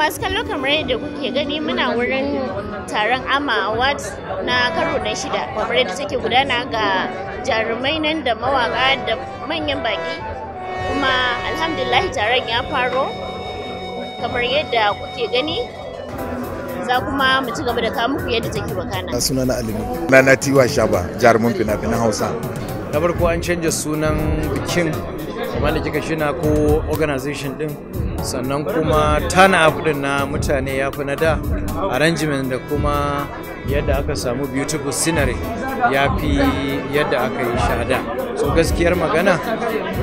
masu kallo kamar yadda kuke gani muna wurin taron ama awards na karo na shida kamar yadda take gudana ga jarumai nan da mawaka da manyan baki kuma alhamdulillah taron ya faro kamar yadda kuke gani za kuma mu ci gaba da kawo muku yadda take bakana sunana alimi na tiwa shaba jarumin fina-finan hausa na farko an canja sunan bikin kamar da kika shina ko organization din sannan kuma tana din na mutane ya fi na da arrangement da kuma yadda aka samu beautiful scenery ya fi yadda aka yi shada so gaskiyar magana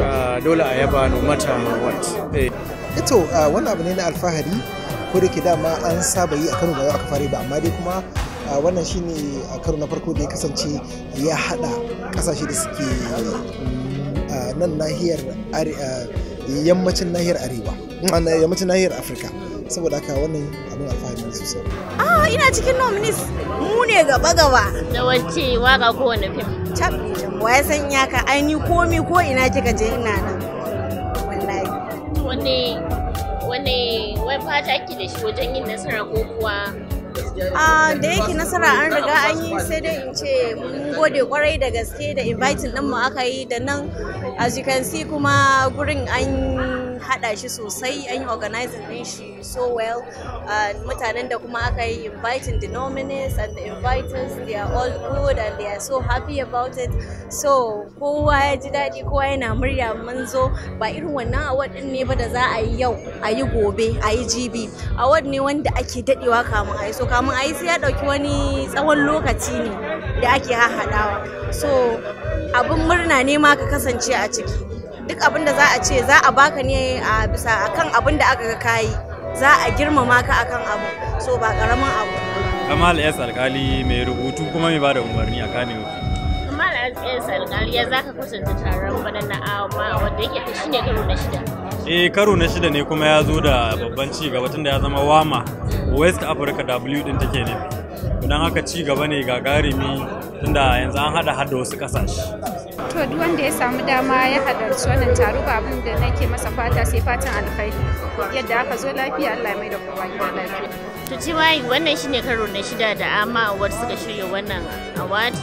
ah, dole a yaba no mata what ito eh. eh ah, wani abu ne na alfahari ko da ke dama an saba yi a kano ba aka fara ba amma dai kuma ah, wannan shine a karo na farko da ya kasance ya hada kasashe da suke nan nahiyar yammacin nahiyar arewa a yammacin nahiyar afirka saboda haka wannan abin alfahari ne sosai ah ina cikin nominis mu ne gaba gaba da wacce waka ko wani fim chap wa ya san ya ka ai ni komi ko ina kika je ina nan wallahi wani wani wai fata ki da shi wajen yin nasara ko kuwa Uh, da yake nasara an riga an yi sai dai in ce mun gode kwarai da gaske da inviting mu aka yi da nan as you can see kuma gurin an an haɗa shi sosai an yi organizing din shi so well mutanen da kuma aka yi inviting the nominees and the inviters they are all good and they are so happy about it so kowa ya ji daɗi kowa yana murya mun zo ba irin wannan award din ne ba da za a yi yau a yi gobe a yi jibi award ne wanda ake daɗewa kamun a yi so kamun a sai ya ɗauki wani tsawon lokaci ne da ake hahadawa so abin murna ne ma ka kasance a ciki duk abin da za a ce za a baka ne a bisa akan abin da aka ga kayi za a girmama ka akan abu so ba karamin abu kamal s alkali mai rubutu kuma mai bada umarni a kane kamal s alkali ya zaka kusanta taron bana na wanda yake ta shine karo na shida eh karo na shida ne kuma ya zo da babban ci gaba tunda ya zama wama west africa w din take ne don haka ci gaba ne gagarumi tunda yanzu an hada hada wasu kasashe to duk wanda ya samu dama ya halarci wannan taro ba abin da nake masa fata sai fatan alkhairi yadda aka zo lafiya Allah mai da kowa lafiya to ci wannan shine karo na shida da ama award suka shirya wannan award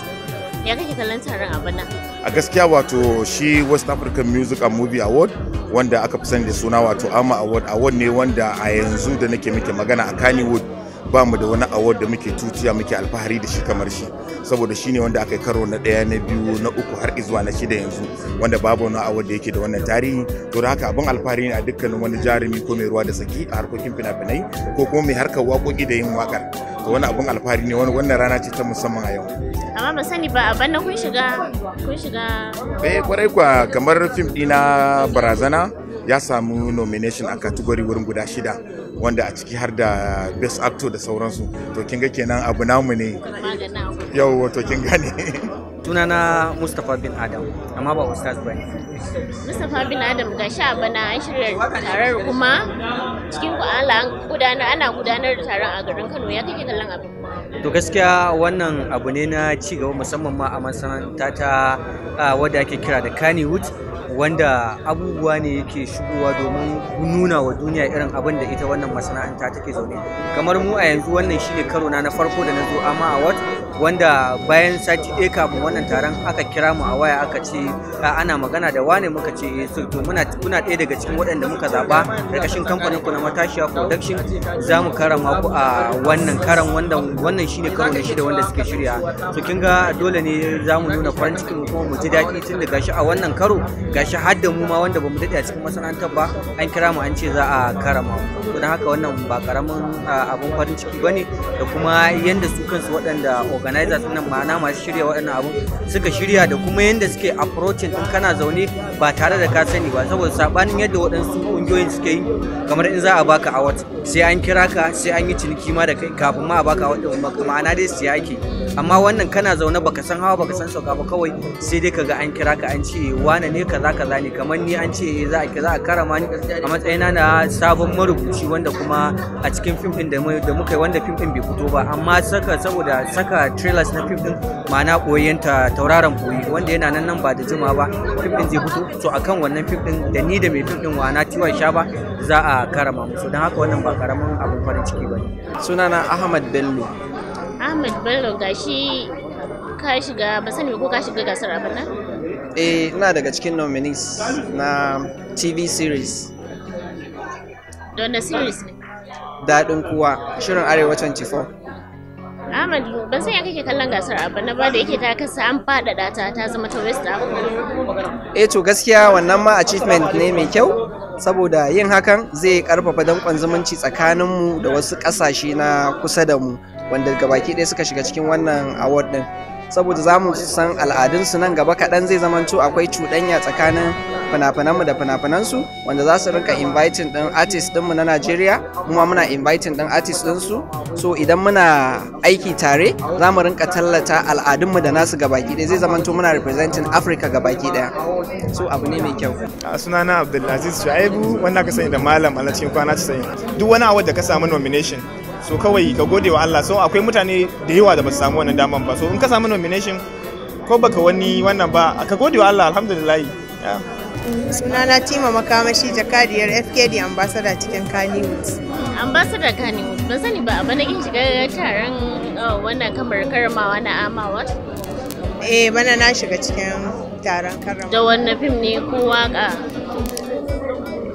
ya kake kallon taron a bana a gaskiya wato shi west african music and movie award wanda aka fi sani da suna wato ama award award ne wanda a yanzu da nake muke magana a kannywood ba mu da wani award da muke tuciya muke alfahari da shi kamar shi saboda shine wanda aka yi karo na ɗaya na biyu na uku har zuwa na shida yanzu wanda babu wani award da yake da wannan tarihi to da haka abin alfahari ne a dukkanin wani jarumi ko mai ruwa da saki a harkokin fina-finai ko kuma mai harkar waƙoƙi da yin waƙar to wani abin alfahari ne wannan rana ce ta musamman a yau amma ba sani ba abin na kun shiga kun shiga eh kwarai kwa kamar fim ɗina barazana ya samu nomination a kategori wurin guda shida wanda a ciki har da best actor da sauransu to kin ga kenan abu namu ne yau to kin gane tunana mustapha bin adam amma ba ustaz ba mustapha bin adam ga sha bana an shirya tarar kuma cikin Allah gudanar ana gudanar da taron a garin Kano ya kake kallon abin to gaskiya wannan abu ne na ci gaba musamman ma a masana'anta ta wadda ake kira da Kannywood wanda abubuwa ne yake shigowa domin nuna wa duniya irin abin da ita wannan masana'anta take zaune kamar mu a yanzu wannan shine karo na na farko da na zo amma a wata wanda bayan sati ɗaya kafin wannan taron aka kira mu a waya aka ce ana magana da wane muka ce eh, su to muna kuna ɗaya daga cikin waɗanda muka zaɓa ƙarƙashin kamfanin ku na matashiya production za mu karama ku a wannan karan wanda wannan shine karo na shida wanda suke shirya to kin ga dole ne za mu nuna farin cikin mu kuma mu ji daɗi tun da gashi a wannan karo gashi har da mu ma wanda bamu daɗe a cikin masana'antar ba an kira mu an ce za a karama mu don haka wannan ba karamin abun farin ciki bane da kuma yanda su kansu waɗanda organizers nan ma'ana masu shirya waɗannan abu suka shirya da kuma yadda suke approaching din kana zaune ba tare da ka sani ba saboda sabanin yadda waɗansu kungiyoyin suke yi kamar in za a baka award sai an kira ka sai an yi ciniki ma da kai kafin ma a baka award din ma'ana dai siya ake amma wannan kana zaune baka san hawa baka san sauka ba kawai sai dai kaga an kira ka an ce wane ne kaza kaza ne kamar ni an ce eh, za a za a karama ni a matsayina na sabon marubuci wanda kuma a cikin fim din da muka yi wanda fim din bai fito ba amma saka saboda saka trailers na fim din ma'ana koyon ta tauraron koyi wanda yana nan nan ba da juma ba fim din zai fito so akan wannan fim din da ni da mai fim din na tiwon sha ba za a karama musu don haka wannan ba karamin abin farin ciki ba sunana ahmad bello ahmad bello gashi ka shiga ba sani ko ka shiga gasar abin nan eh ina daga cikin nominees na tv series don na series ne daɗin kuwa shirin arewa 24 Ahmad ban san ya kake kallon gasar abu na ba da yake ta kasa an faɗaɗata ta ta zama ta West Africa. Eh to gaskiya wannan ma achievement ne mai kyau saboda yin hakan zai karfafa dankon zumunci tsakanin tsakaninmu da wasu kasashe na kusa da mu wanda gabaki ɗaya suka shiga cikin wannan award din saboda za mu san al'adunsu nan gaba kaɗan zai zamanto akwai cuɗanya tsakanin fina-finanmu da fina-finansu wanda za su rinka inviting ɗin artist ɗinmu na Najeriya kuma muna inviting ɗin artist ɗinsu. so idan muna aiki tare za mu rinka tallata al'adunmu da nasu gabaki ɗaya zai zamanto muna representing Africa gabaki ɗaya so abu ne mai kyau sunana Abdulaziz Shu'aibu wanda ka sani da malam Allah cikin kwana sani duk wani awa da ka samu nomination so kawai ka gode wa Allah so akwai mutane da yawa da ba su samu wannan daman ba so in ka samu nomination ko baka wani wannan ba ka gode wa Allah alhamdulillah sunana tima makamashi jakadiyar fkd ambasada cikin kannywood ambasada kannywood ba sani ba a na kin shiga taron uh, wannan kamar karamawa na amawa eh bana na shiga cikin taron karamawa da wannan fim ne ko waka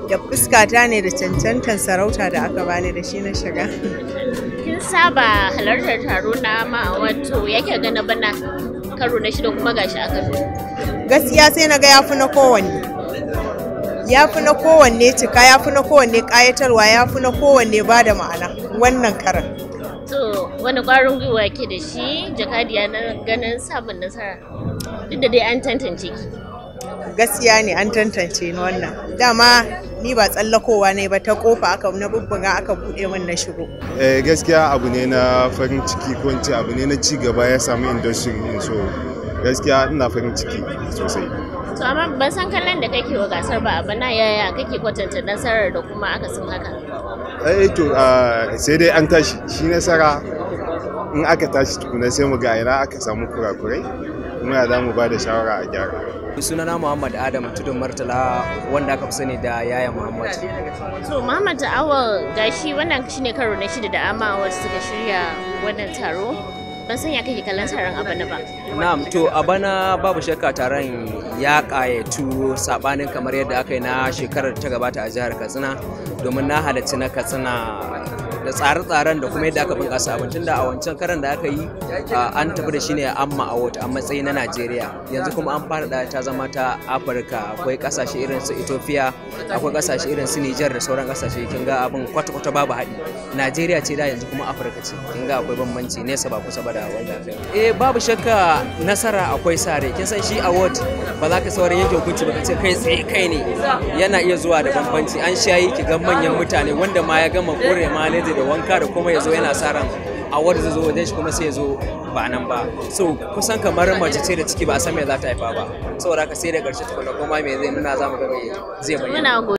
da fuskata ne da cancantar sarauta da aka bani da shi na shiga kin saba halartar taro na amawa to yake gana bana karo na shida kuma gashi a kano gaskiya sai na ga yafi na kowanne ya fi na kowanne cika ya fi na kowanne kayatarwa, ya fi na kowanne ba da ma'ana wannan karan. To wani ƙwarin gwiwa ke da shi jakadiya na ganin samun nasara duk da dai an tantance ki. Gaskiya ne an tantance ni wannan dama ni ba tsallakowa ne ba ta kofa aka na bubbuga aka buɗe min na shigo. Eh gaskiya abu ne na farin ciki ko abu ne na ci gaba ya samu industry in so gaskiya ina farin ciki sosai to amma ban san kallon da kake wa gasar ba a na yaya kake kwatanta nasarar da kuma sun haka eh to sai dai an tashi shi nasara in aka tashi tukuna sai mu ga ina aka samu kurakurai kuma za mu ba da shawara a gyara sunana Muhammad Adam Tudun Martala wanda aka fi sani da Yaya Muhammad. So Muhammad Awal gashi wannan shine karo na shida da Ama suka shirya wannan taro. ban san ya kake kallon taron a bana ba na'am to a bana babu shakka taron ya ƙayatu sabanin kamar yadda aka yi na shekarar ta gabata a jihar katsina domin na halarci na katsina da tsare-tsaren da kuma yadda aka bunkasa abincin da a wancan karan da aka yi an tafi da shi ne amma a wata a matsayi na Najeriya yanzu kuma an fara ta zama ta Afirka akwai kasashe irin su Ethiopia akwai kasashe irin su Niger da sauran kasashe kin ga abin kwata-kwata babu haɗi Najeriya ce da yanzu kuma Afirka ce kin ga akwai bambanci nesa ba kusa ba da wanda eh babu shakka nasara akwai sare kin san shi award ba za ka saurin yanke hukunci ba ka ce kai tsaye kai ne yana iya zuwa da bambanci an shayi ki ga manyan mutane wanda ma ya gama kore ma ne da wanka da kuma ya zo yana sa ran a wadda zai zo wajen shi kuma sai ya zo ba nan ba so kusan kamar mace ce da ciki ba a san me za ta haifa ba saboda haka sai da ƙarshe tukuna kuma me zai nuna za mu ga zai bayyana